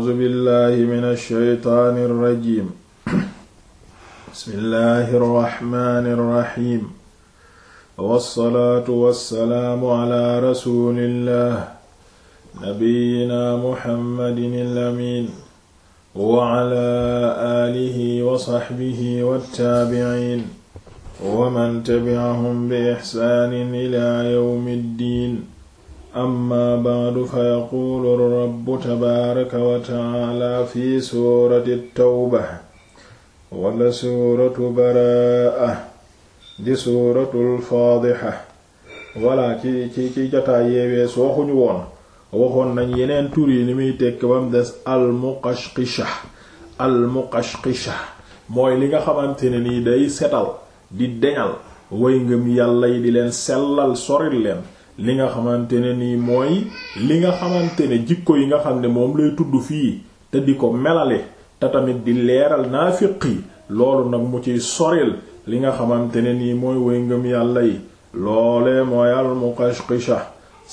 a'uuzu billahi mina shaytaani rajiim bismillahi rahmaani rahiim wassalaatu wassalaamu ala rasulillah nabiyyina muhammadin al-amiin wa ala aalihi wa sahbihi wattaabi'iin wa man tabi'ahum bi ihsaanin ilaa yawmi ddiin amma ba'du fa yaquulu rabbu tabaaraka wa ta'aala fi suurati tawba wala suuratu baraa'a di suuratul faadiha wala ci ci ci jotaay yeewees waxuñu woon waxoon nañ yeneen tur yi ni muy tekk bam des almuqashqisha almuqashqisha mooy li nga xamante ne nii day setal di deñal way ngëm yàlla yi di leen sellal soril leen li nga xamante ne nii mooy li nga xamante ne jikko yi nga xam ne moom lay tudd fii te di ko melale te tamit di leeral naafiq yi loolu nag mu ci soril li nga xamante ne nii mooy way ngëm yàlla yi loole mooy al muqashqisha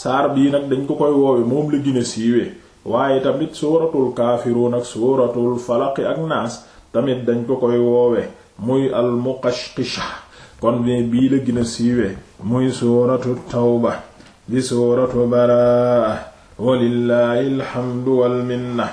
saar bii nag dañ ko koy woowe moom la gin a siiwee waaye tamit suuratul kaafiruun nag suuratul falaqi ak naas tamit dañ ko koy woowe muy al muqashqisha kon bii la gën a siiwee muy suuratu tawba di suuratu baraa walillaahi alxamdu walminna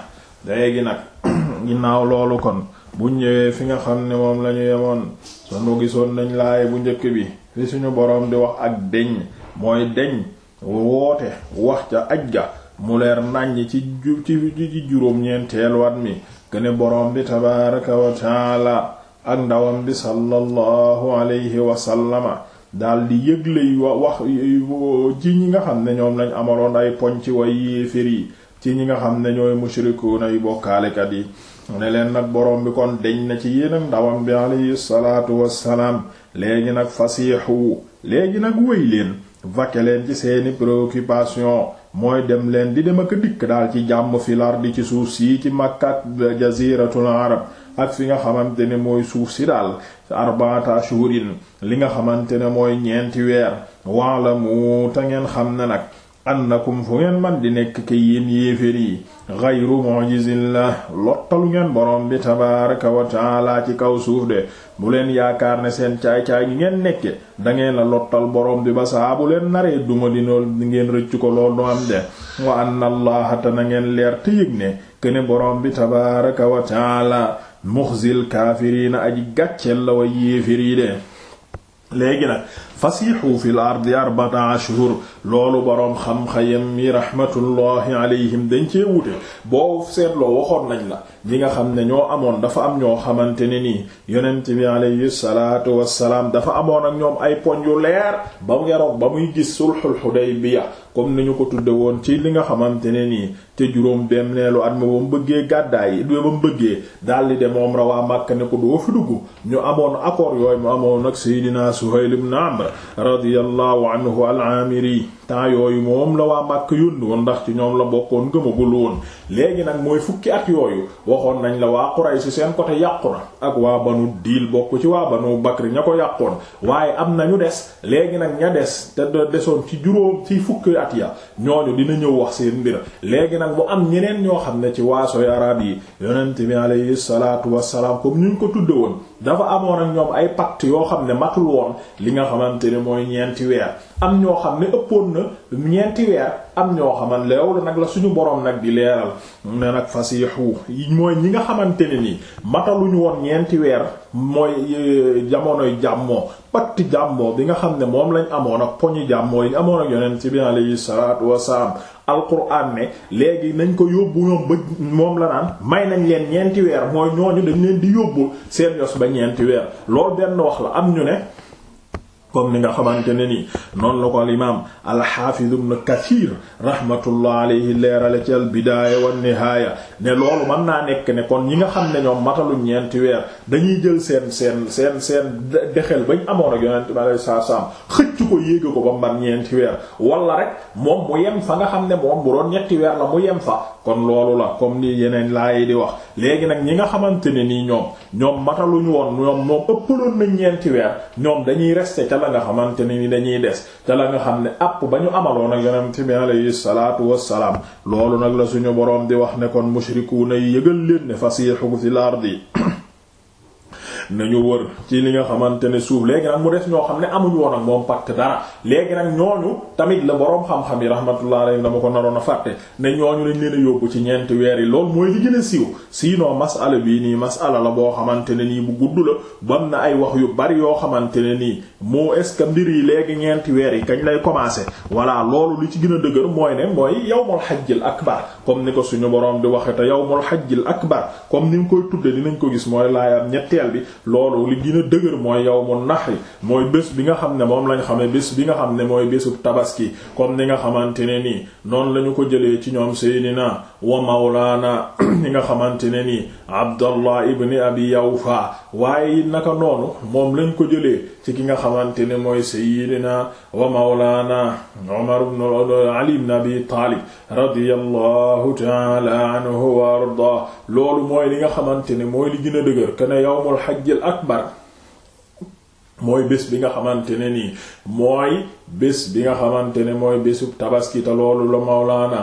léegi nag ginnaaw loolu kon bu ñëwee fi nga xam ne moom lañu yemoon sunu gisoon nañ laay bu njëkk bi fi suñu boroom di wax ak deñ mooy deñ woote wax ca aj ga mu leer nàññ ci ci juróom ñeenteel wat mi gëne boroom bi tabaaraka wa ak ndawam bi sallallahu alayhi wa sallama daal di yëgle wax ci ñi nga xam ne ñoom lañ amaloon ay poñ ci way yéefér yi ci ñi nga xam ne ñooy mushrikuuna yu bokkaalekat yi ne leen nag borom bi kon deñ na ci yéen ak ndawam bi alayhi salaatu wassalaam léegi nag fasiixu léegi nag wéy leen vaquer leen ci seeni préoccupation mooy dem leen di dem ak dikk daal ci jàmm filar di ci suuf sii ci Makka jaziratul arab ak fi nga xamante ne mooy suuf si daal arba'ata shuhurin li nga xamante ne mooy ñeenti weer wa'lamu te ngeen xam ne nag na annakum fu ngeen man di nekk ke yéen yéefér yi ghayru la lottalu ngeen borom bi tabaraka wa taala ci kaw suuf de bu leen yaakaar ne seen caay-caay gi ngeen nekke dangeen la lottal borom bi ba saa bu leen naree duma dinool di ngeen rëccu ko lool du am de wa anna allaha te na ngeen leer te yëg ne kene borom bi tabaraka wa taala muxzil kaafiriina aji gàcceel la way yéefir yi de léegi nag fasiixu fil ardi arbata ashhur loolu boroom xam-xayam yi rahmatullahi alayhim dañ cee wute boo seetloo waxoon nañ la ñi nga xam ne ñoo amoon dafa am ñoo xamante ne nii yonent bi alayhi salaatu wassalaam dafa amoon ak ñoom ay poñ yu leer ba ngeroog ba muy gis sulhul bi comme ni ñu ko tudde woon ci li nga xamante ne nii te juróom benn neelu at ma ba mu bëggee gàddaay yi ba mu bëggee daldi de moom rawaa Makka ne ko doo fi dugg ñu amoon accord yooyu mu amoon ak Seydina Suhayl radiyallahu anhu al-Aamiri temps yooyu moom la waa màkk yónni woon ndax ci ñoom la bokkoon gëmagul woon léegi nag mooy fukki at yooyu waxoon nañ la waa Quraysh seen côté yàqu na ak waa banu diil bokk ci waa banu Bakri ña ko yàqoon waaye am na ñu des léegi nag ña des te desoon ci juróom ci fukki at ya ñooñu dina ñëw wax seen mbir léegi nag mu am ñeneen ñoo xam ne ci waasoy arab yi yonent bi alayhi salaatu wassalaam comme ñu ko tudde woon dafa amoon ak ñoom ay pacte yoo xam ne matul woon li nga xamante ne mooy ñeenti weer am ñoo xam ne ëppoon na ñeenti weer am ñoo xaman leew la nag la suñu borom nag di leeral ne nag fasihu mooy ñi nga xamante ne nii mataluñu woon ñeenti weer mooy e, jamonoy jàmmoo patt jàmmoo bi nga xam ne moom lañ amoon ak poñi jàmmoo yi amoon ak yonent bi alayhi salaatu wasalaam alquran ne léegi nañ ko yóbbu ñoom ba moom la naan may nañ leen ñeenti weer mooy ñooñu dañ leen di yóbbu seen yos ba ñeenti weer loolu benn wax la am ñu ne comme ni nga xamante ne ni noonu la ko al imaam alxaafiz ibn kathir rahmatullah alayhi leerale ci al bidaaya wan ne loolu mën naa nekk ne kon ñi nga xam ne ñoom mataluñ ñeenti weer dañuy jël seen seen seen seen dexel bañ amoon ak yonent bi alayhi salaatu salaam xëcc ko yéege ko weer wala rek moom fa nga xam ne moom bu doon ñetti weer la mu yem fa kon loolu la comme ni yeneen laay di wax léegi nag ñi nga xamante ne nii ñoom ñoom mataluñu woon ñoom moom ëppaloon nañ ñeenti weer ñoom dañuy rester ca la xamante ne ni dañuy des te la nga xam ne àpp ba ñu amaloon ak yonent bi alayhi salaatu wassalaam loolu nag la suñu boroom di wax ne kon mushrikuuna yi yëgal leen ne fasiihu fil ardi nañu wër ci li nga xamante ne suuf léegi nag mu des ñoo xam ne amuñu woon ak moom pacte dara léegi nag ñooñu tamit la boroom xam-xam yi rahmatullah alayhi dama ko naroon a fàtte ne ñooñu lañ leen ci ñeenti weer yi loolu mooy li gën a siiw sinon masala bii nii masala la boo xamante ne nii bu gudd la bam na ay wax yu bari yoo xamante ne nii moo est-ce que mbir yi léegi ñeenti weer yi kañ lay commencer voilà loolu li ci gën a dëgër mooy ne mooy yawmul hajjil akbar comme ni ko suñu boroom di waxee te yawmul hajjil akbar comme ni ko tuddee tudde dinañ ko gis mooy laayam ñetteel bi loolu li gën a dëgër mooy yawmu nax mooy bés bi nga xam ne moom lañ xamee bés bi nga xam ne mooy bésub tabaski comme ni nga xamante ne nii noonu lañu ko jëlee ci ñoom seydina wa mawlaana ni nga xamante ne nii abdallah ibni abi yawfa waaye it naka noonu moom lañ ko jëlee ci ki nga xamante ne mooy seydina wa mawlaana umar ibn ali ibn abi taalib radiyallahu ta'ala wa arda loolu mooy li nga xamante ne mooy li gën dëgër kana yawmul hajj al akbar mooy bés bi nga xamante ne nii mooy bés bi nga xamante ne mooy bésub tabaski te loolu la mawlaana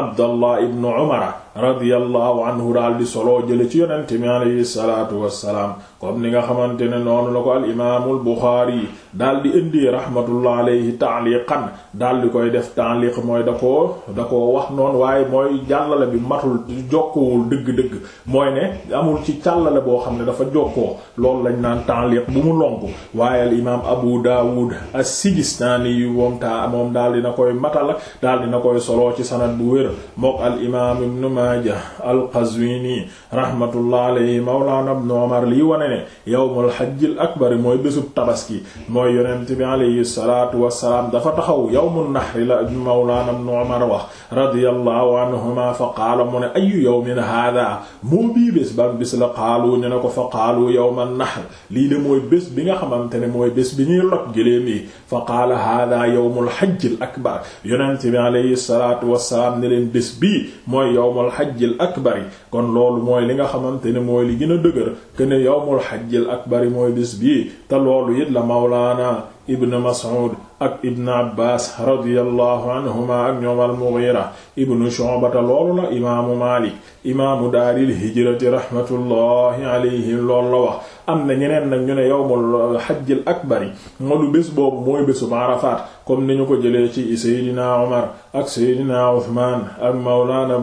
abdallah ibnu umara radiyallahu anhu daal di soloo jële ci yonente mi aleyhi salaatu wassalaam comme ni nga xamante ne noonu la ko al imaamul buxaari daal di indi rahmatullah alayhi ta'liqan daal di koy def ta'liq mooy da koo da ko wax noonu waaye mooy jàllale bi matul jokkoowul dëgg-dëgg mooy ne amul ci càllale boo xam ne dafa jokkoo loolu lañ naan ta'liq bu mu lonku waaye al imaam Abu Dawud as-Sijistani yu moom taa moom daal dina koy matal daal na koy solo ci sanad bu wér mook al imaam Ibn Majah al-Qazwini rahmatullah alayhi mawlana Ibn Umar lii wane ne yawmul hajjil akbar mooy bésub tabaski mooy yonent bi alayhi salaatu wassalaam dafa taxaw yawmu nahri la mawlaana ibn Umar wax radiyallahu anhuma fa qaala mu ne ayu yawmin haadaa moo bii bés ban bis la qaalu ñu ne ko fa qaalu yawma nahr lii de mooy bés bi nga xamante ne mooy bés bi ñuy loj gëléem yi fa qaala haadaa yawmul hajjil akbar yonent bi alayhi salaatu wassalaam ne leen bés bii mooy yawmul hajjil akbar kon loolu mooy li nga xamante ne mooy li gën a dëgër que ne yawmul hajjil akbar mooy bés bii te loolu it la mawla maana ibn Mas'ud ak ibn Abbas radiyallahu anhuma ak ñoom al-Mughira ibn Shu'bata loolu la imaamu Malik imaamu daaril hijrati rahmatullahi alayhi loolu la wax am na ñeneen nag ñu ne yawmul hajjil akbari moolu bés boobu mooy bésu Arafat comme ni ñu ko jëlee ci Seydina Omar ak Seydina Uthman ak Mawlana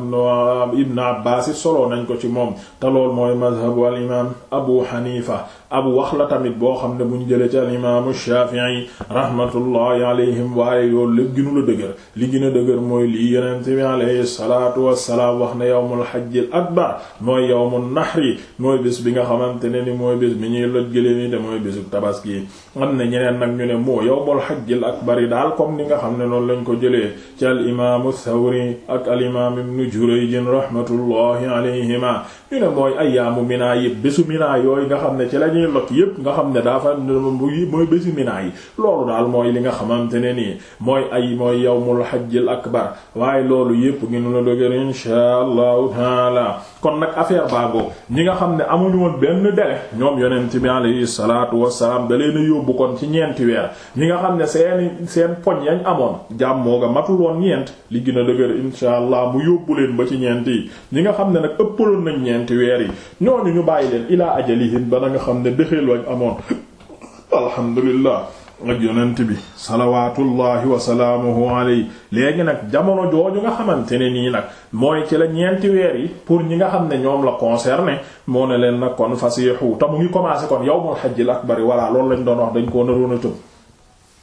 ibn Abbas solo nañ ko ci moom te lool mooy mazhabu al imaam Abu Hanifa ab wax la tamit boo xam ne bu ñu jëlee ci al imaam Shafi'i yi rahmatullahi alayhim waaye yoolu lépp ginu la dëgër li gën a dëgër mooy lii yonent bi alayhi salaatu wassalaam wax ne yawmul hajjil akbar mooy yawmun nahri mooy bés bi nga xamante ne ni mooy bés bi ñuy loj gëlee ni te mooy bésu tabaski am na ñeneen nag ñu ne moo yawmul hajjil akbar yi daal comme ni nga xam ne noonu lañ ko jëlee ci al imaamu Thawri ak al imaam ibnu Jurayj rahmatullahi alayhima ñu ne mooy ayaamu minaa yëpp bésu minaa yooyu nga xam ne ci la ñuy loj yëpp nga xam ne daa fa mooy bésu minaa yi loolu daal mooy li nga xamante ne nii mooy ay mooy yawmul hajjil akbar waaye loolu yépp ngeen la dëgër insha allahu taala kon nag affaire baago ñi nga xam ne amuñu woon benn délai ñoom yonent bi alayhi salaatu wassalaam da leen a yóbbu kon ci ñeenti weer ñi nga xam ne seeni seen poñ yañ amoon jàmmoo nga matuloon ñeent li gën a dëgër insha allah mu yóbbu leen ba ci ñeent yi ñi nga xam ne nag ëppaloon nañ ñeenti weer yi ñooñu ñu bàyyi leen ilaa ajalihim ba nga xam ne dëxeel wañ amoon alhamdulillah ak yonent bi salawaatullahi wa salaamuhu alayhi léegi nag jamono jooju nga xamante ne nii nag mooy ci la ñeenti weer yi pour ñi nga xam ne ñoom la concerné moo ne leen nag kon fasihu te mu ngi commencé kon yawmul hajjil akbari walla loolu lañ doon wax dañ koo naroon a tëb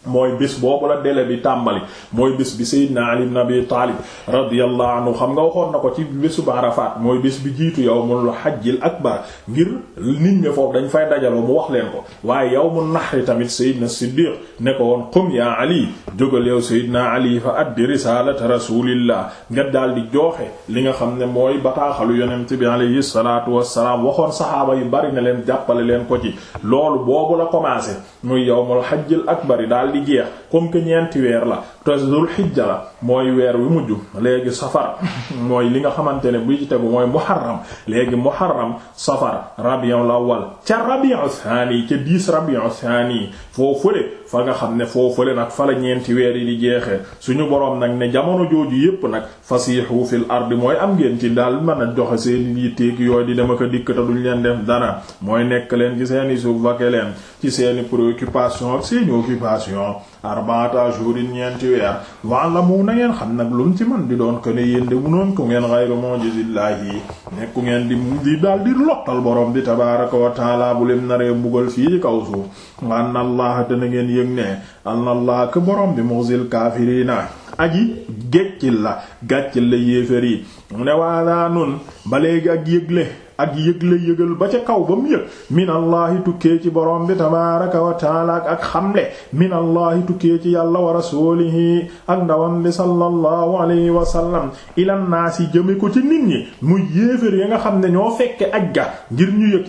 mooy bés boobu la délai bi tàmbali mooy bis bi Seydina Ali na Abi Taalib radiyallahu anhu xam nga waxoon na ko ci bisu bésu Arafat mooy bés bi jiitu yawmul hajjil akbar ngir nit ñi foofu dañ fay dajaloo mu wax leen ko waaye yow yawmun nahri tamit Seydina Siddiq ne ko woon qum ya Ali jógal yow Seydina Ali fa addi risalata rasulillah nga daal di jooxe li nga xam ne mooy bataaxalu yonent bi alayhi salatu wassalaam waxoon saxaaba yu bari na leen jàppale leen ko ci loolu boobu la commencé muy yawmul hajjil akbar di jeex comme que ñeenti weer la te zul xijja la mooy weer wu mujj léegi safar mooy li nga xamante ne bu ci tegu mooy muharram léegi muharram safar rabiul awwal ca rabiul thani ca dix rabiul thani foofule fa nga xam ne foofule nag fa la ñeenti weer yi di jeexee suñu boroom nag ne jamono jooju yépp nag fasiihu fil ardi mooy am ngeen ci daal mën a joxe seen yitteeg yooyu di dama ko dikk te duñ leen def dara mooy nekk leen ci seeni suuf leen ci seeni préoccupation ak seeni occupation arbaata ashhurin ñeenti weer wa'lamu na ngeen xam nag lum ci man di doon ko ne yéen de munoon ko ngeen ghayru mu'jizillaahi nekku ngeen di mu lottal borom bi tabaaraka wa taala bu leen naree mbugal fii ci kaw suuf wa anna allaha te na ngeen yëg ne anna allaha ke borom bi muxzil kaafiriina aji géccil la gàccil la yéeféer yi mu ne waadaa nun ba léegi ak yëgle ak la yëgal ba ca kaw ba mu yëg minallaahi tukkee ci borom bi tabaaraka wa taala ak ak xamle minallaahi tukkee ci yàlla wa rasuulihi ak ndawam bi sallallahu alayhi wa sallam ilan naasi jëme ko ci nit ñi muy yéeféer yi nga xam ne ñoo fekke aj ga ngir ñu yëg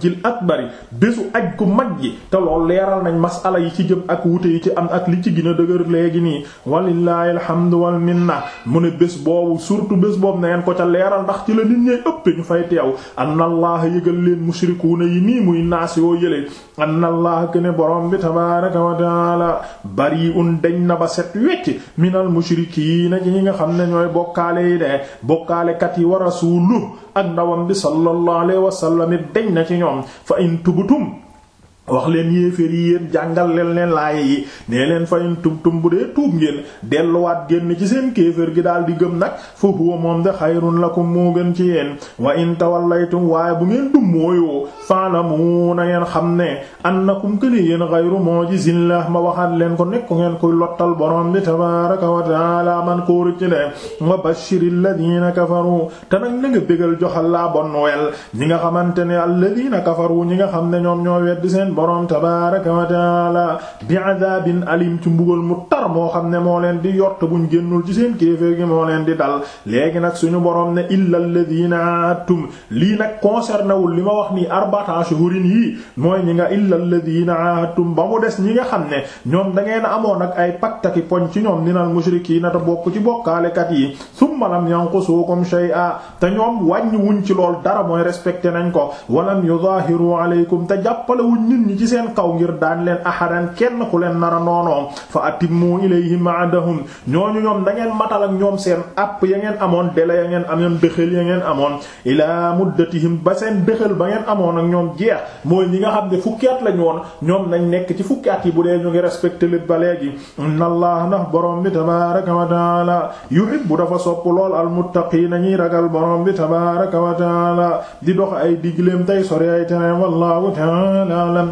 jil ak akbari bésu aj ku mag gi te lool leeral nañ masala yi ci jëm ak wute yi ci am ak li ci gën a dëgër léegi nii walillahi alhamdu wal minna mu ne bés boobu surtout bés boobu na ngeen ko ca leeral ndax ci xew anna allaha yëgal leen mushrikuuna yi nii muy naas yoo yële anna allaha ke ne borom bi tabaraka wa taala bari'un dañ na ba set wecc minal mushrikiina ci ñi nga xam ne ñooy bokkaale yi de bokkaalekat yi wa rasuluhu ak ndawam bi sallallahu alayhi wa sallam dañ na ci ñoom fa in tubtum wax leen yéeféer yi yéen jàngal leen leen laaye yi nee leen fayin tum-tum bu dee tuub ngeen delluwaat génn ci seen kéeféer gi daal di gëm nag fa huwa moom de xayrun lakum moo gën ci yen wa in tawallaytum waaye bu ngeen dum mooyoo faalamu na ngeen xam ne annakum kuene yéen xayru moo ji zinlah ma waxaat leen ko nekk ngeen koy lottal borom bi tabaraka wa taala man koo rëcc ne wa bashiril ladina kafaru te nag na nga bégal joxal laa bon wel ñi nga xamante ne alladina kafaru ñi nga xam ne ñoom seen boroom tabaaraka wa taala bi adaabin alim ci mbugal mu tar moo xam ne moo leen di yott buñ génnul ci seen kéeféer gi moo leen di dal léegi nag suñu boroom ne illa alladina aattum lii nag concerné wul li ma wax nii arbata shuhurin yii mooy ñi nga illa alladina tum ba mu des ñi nga xam ne ñoom da ngeen amoon ak ay paktaki poñ ci ñoom ninal mushrikiina te bokk ci bokkaalekat yi summa lam yanqusukum shay'a te ñoom wàññi wuñ ci lool dara mooy respecté nañ ko walam nit ñi ci seen kaw ngir daan leen ahadan kenn ku leen nar a noonoom fa atimmu ilayhim aadahum ñooñu ñoom da ngeen matal ak ñoom seen àpp ya ngeen amoon délai ya ngeen amoon dëxal ya ngeen amoon ilaa muddatihim ba seen dëxal ba ngeen amoon ak ñoom jeex mooy ñi nga xam ne fukki at lañu woon ñoom nañ nekk ci fukki at yi bu dee ñu ngi respecté li ba léegi inna allah ndax borom bi tabaraka wa taala yuhibbu dafa sopp lool al muttaqiina ñiy ragal borom bi tabaraka wa taala di dox ay digleem tay sori ay terrain wallahu taala